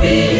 be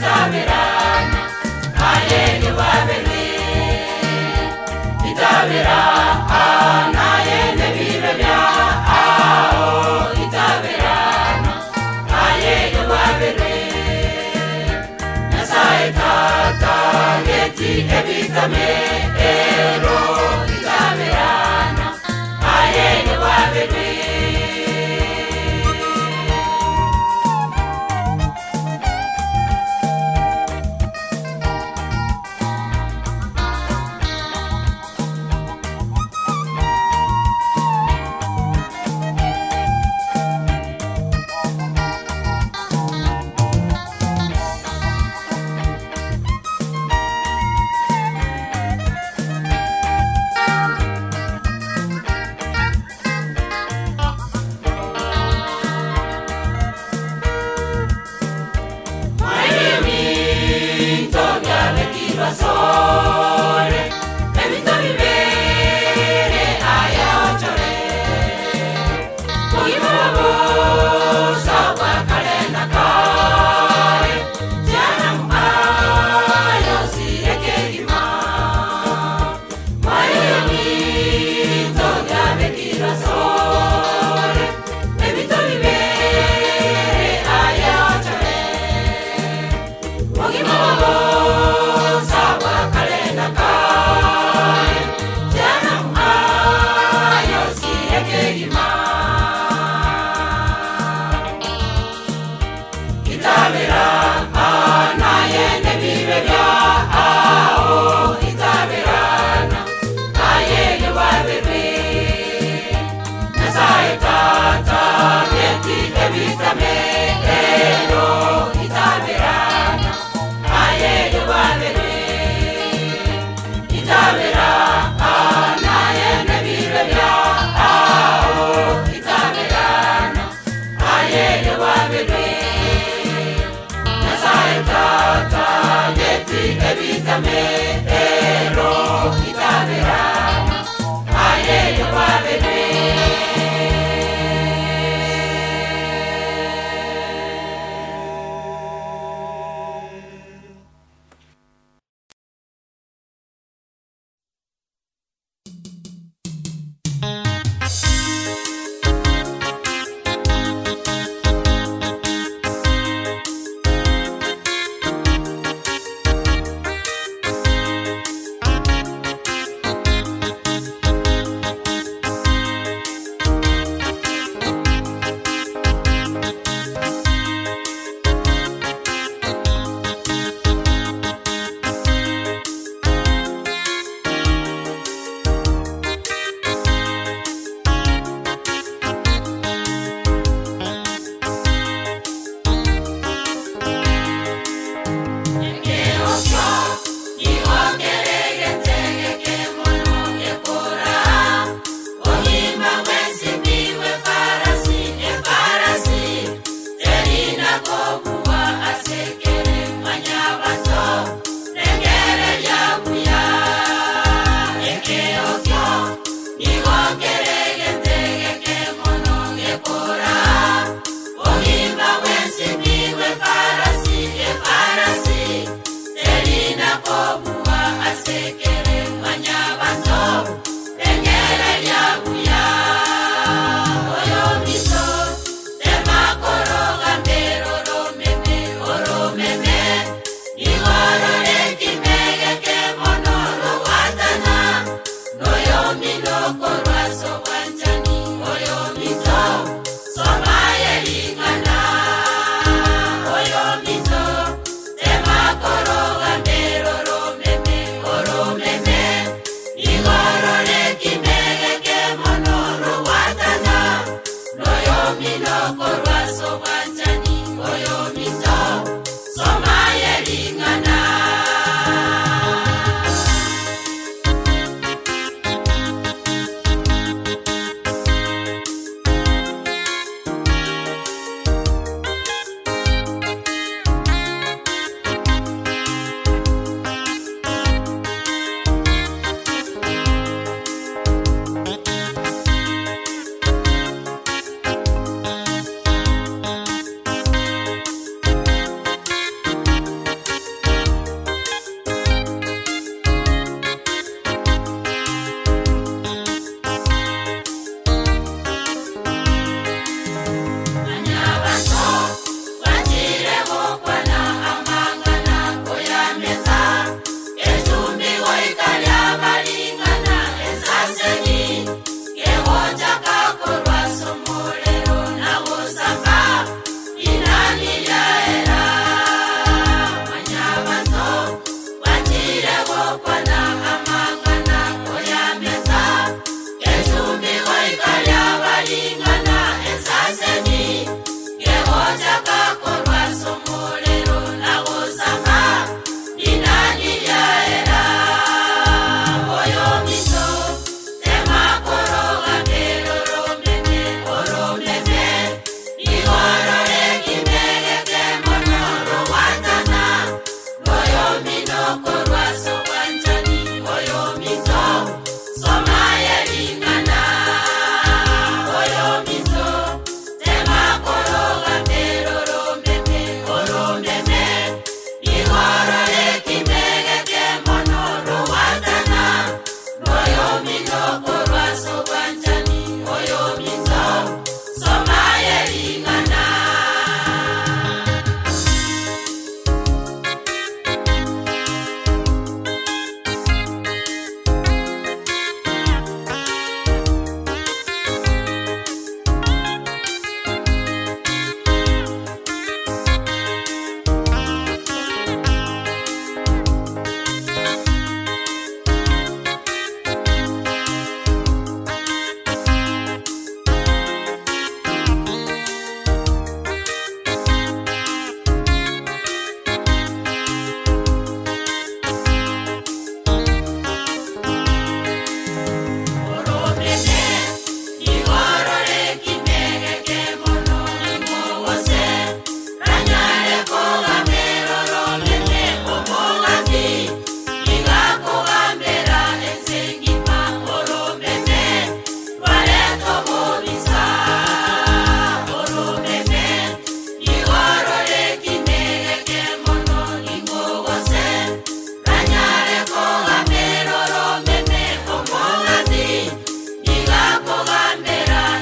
Tabirana, Ayeni Wabele, Tabirana. Christmas song.